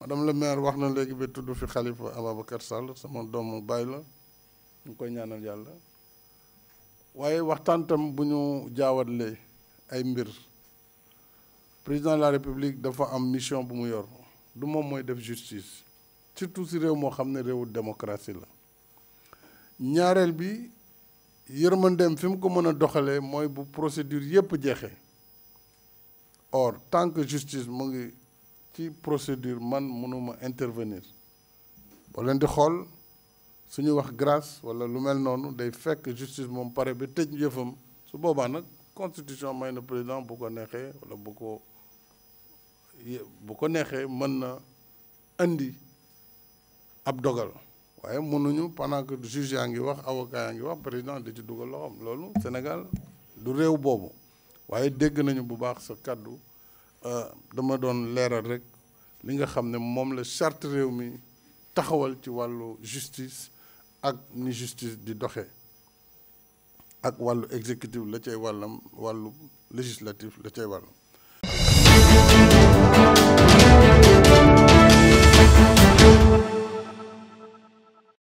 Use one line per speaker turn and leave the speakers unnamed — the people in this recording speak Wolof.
madame le maire wax na léegi ba tudd fi Khalifa Ababacar Sall sama doomu baay la ñu koy ñaanal yàlla waaye waxtaan tam bu ñu jaawatle ay mbir président la république dafa am mission bu mu yor du moom mooy def justice surtout ci réew moo xam ne réewu démocratie la ñaareel bi yërmandeem fi mu ko mën a doxalee mooy bu procédure yépp jeexee or tant que justice mu ngi ci procédure man mënuma intervenir boo leen di xool suñu wax grâce walla lu mel noonu day fekk justice moom pare ba tëj yëfam su boobaa nag constitution may na président bu ko neexee walla bu ko bu ko neexee mën na indi ab dogal waaye pendant que juge yaa wax avocat président de ci dugal loxoom loolu Sénégal du réew boobu waaye dégg nañu bu sa euh, dama rek li nga xam ne la charte justice ak ni justice di doxee ak wàllu exécutif la législatif la